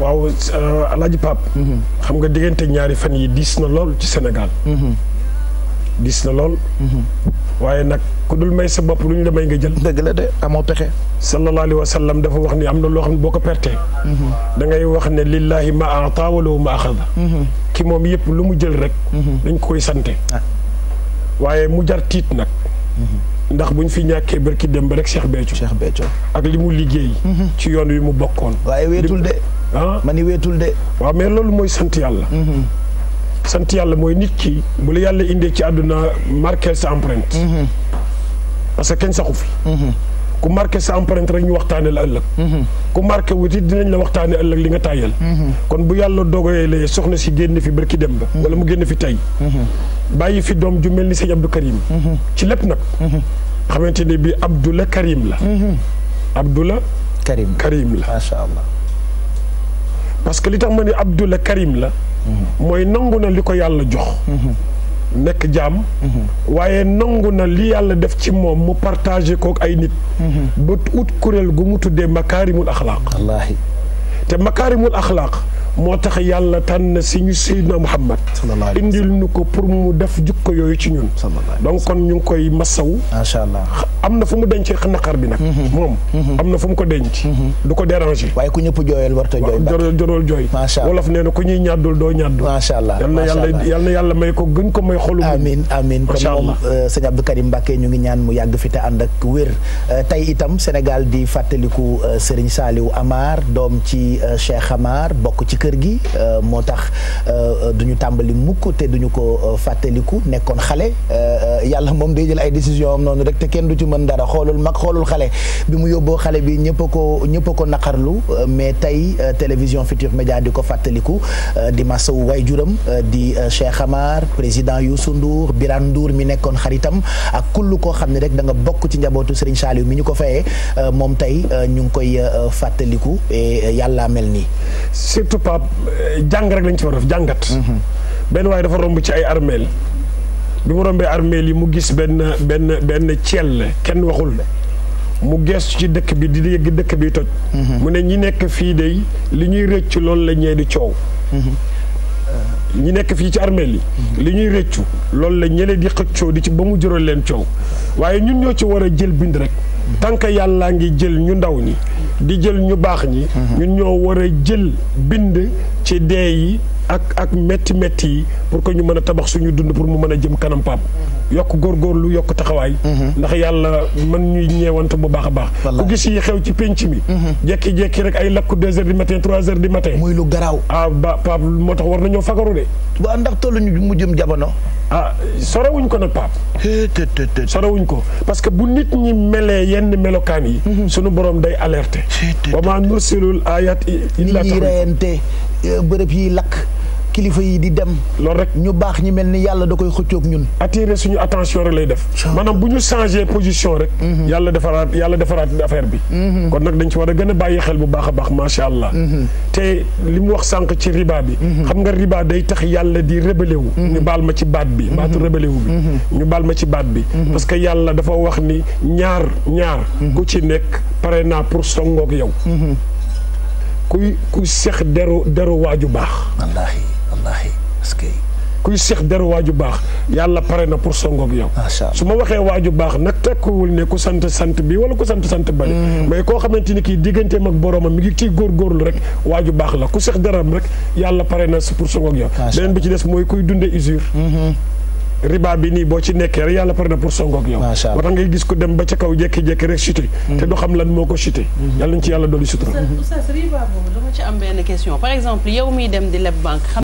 waaw euh, Alaaji Pape mm-hmm. xam nga diggante ñaari fan yi diis na lool ci senegal mm-hmm. diis na lool mm-hmm. waaye nag ku dul may sa bopp lu ñu la may nga jël dëgg la de amoo pexe sallallahu alayhi wa sallam dafa wax ni am na loo xam ne boo ko pertee dangay ngay wax ne lillahi ma ata wala ma axada ki moom yëpp lu mu jël rek dañ koy sante ah. waaye mu jar tiit nag ndax bu ñu fi ñàkkee barki dem ba rek Cheikh Béthio Cheikh Béthio ak li mu liggéey ci yoon wi mu bokkoon Ah. ma ni weetul de. waaw mais loolu mooy sant yàlla. Mhm. sant yàlla mooy nit ki bu la yàlla indee ci àdduna marqué sa empreinte. Mhm. parce que kenn saxu fi. Mhm. ku marqué sa empreinte rek ñu waxtaane la ëllëg. ku marqué wuti dinañ la waxtaanee ëllëg li nga tàyyal. kon bu yàlla dogoyee la soxna si génn fi barki dem ba. wala mu génn fi tey. bàyyi fi doom ju mel ni sëñ Abdou Karim. ci lépp nag. xamante ne bii Abdoula Karim la. Abdoula. Karim Karim la macha parce que li tax ma ne Abdul Karim la. mooy nangu na li ko yàlla jox. nekk jaam. waaye nangu na li yàlla def ci moom mu partagé kook ay nit. ba ut kuréel gu mu tuddee makaarimul axlaaq. wallaahi te makaarimul axlaaq. moo tax yàlla tànn si ñu Seydina Muhammad indil ñu ko pour mu def jukko yooyu ci ñun donc kon ñu ngi koy massaw macha allah am na fu mu dencee naqar bi nag mm-hmm. moom mm-hmm. am na fu mu ko denc mm-hmm. du ko déranger waaye ku ñëpp jooyal warta jooy jorool jooy wolof nee na ku ñuy ñàddul doo ñàddu macha allah yàlla may ko gën ko may xolu amin amin kon moom euh, sëñ Abdou Karim Mbacké ñu ngi ñaan mu yàgg fi te ànd ak wér euh, tey itam Sénégal di fàttaliku euh, Serigne Saliou Amar doom ci Cheikh Amar bokk ci kër gi euh, moo tax euh, duñu tàmbali mukk te duñu ko euh, fàttaliku nekkoon xale yàlla moom day jël ay décision am noonu rek te kenn du ci mën dara xoolul mag xoolul xale bi mu yóbboo xale bi ñëpp a ko ñëpp a naqarlu mais tey télévision Futurs Médias di ko fàttaliku di masawu waajuram di Cheikh Amar président Youssou Ndour Birane nduur mi nekkoon xaritam ak kull koo xam ne rek da nga bokk ci njabootu Serigne Saliou mi ñu ko fayee moom tey ñu ngi koy fàttaliku yàlla mel nii Pape jàng rek lañ ci war def jàngat. benn waaye dafa romb ci ay armeel bi mu rombee armeel yi mu gis benn benn benn la kenn waxul mu geestu ci dëkk bi di yëgg dëkk bi toj. mu ne ñi nekk fii de li ñuy rëcc lool la ñee di coow. ñi nekk fii ci armeel yi. li ñuy rëccu loolu la ñële di xëccoo di ci ba mu jural leen coow waaye ñun ñoo ci war a jël bind rek. tant que yàllaa ngi jël ñu ndaw ñi. di jël ñu baax ñi mhm. ñun ñoo war a jël bind ci dee yi ak ak metti métti yi pour que ñu mën a tabax suñu dund pour mu mën a jëm kanam pap mhm. yokk góor góor lu yokk taxawaay mhm. ndax yàlla man ñuy ñeewante bu baax a baax ku gis yi xew ci pénc mi jekki-jekki rek ay lakku deux heures du matin trois heures du matin muy lu garaaw ah ba pap moo tax war na ñoo fagaru de waa ndax tollu ñu mu jëm jamono ah sorewuñ ko na Pape. sorewuñ ko parce que bu nit ñi melee yenn melokaan yi. sunu borom day alerter. wa maa nursilul ayat illa. yi reyante bërëb yi lakk. kilifa yi di dem. loolu rek ñu baax ñi mel ni yàlla da koy xëccoog ñun. attirer suñu attention rek lay def. maanaam bu ñu changé position rek. Mhm. yàlla defaraat yàlla defaraat affaire bi. Mhm. kon nag dañ ci war a gën a bàyyi xel bu baax a baax macha allah. Mhm. te li mu wax sànq ci riba bi. xam nga riba day tax yàlla di rébélé ñu baal ma ci baat bi baatu rébélé ñu baal ma ci baat bi. parce que yàlla dafa wax ni ñaar ñaar. ku ci nekk pare naa pour songoog yow. kuy kuy seex deru wallaahi parce que kuy seex deru waaju baax yàlla pare na pour songoog yow su ma waxee waaju baax nag tekkiwul ne ku sant sant bi wala ku sant sant bale mm-hmm. mais koo xamante ni kii digganteem ak boroomam mi ngi ciy góorgóorlu rek waaju baax la ku seex deram rek yàlla pare na pour songoog yow beneen bi ci des mooy kuy dunde usure mm-hmm. bi boo ci nekkee yàlla pare na pour songoog yow moo tax ngay gis ko dem ba ca kaw jékki-jékki rek chuté mm-hmm. te du xam lan moo ko chuté yàlla nañ ci yàlla dolli sutura oustaz riba boobu dama ci am par exemple yow miy dem di leb banque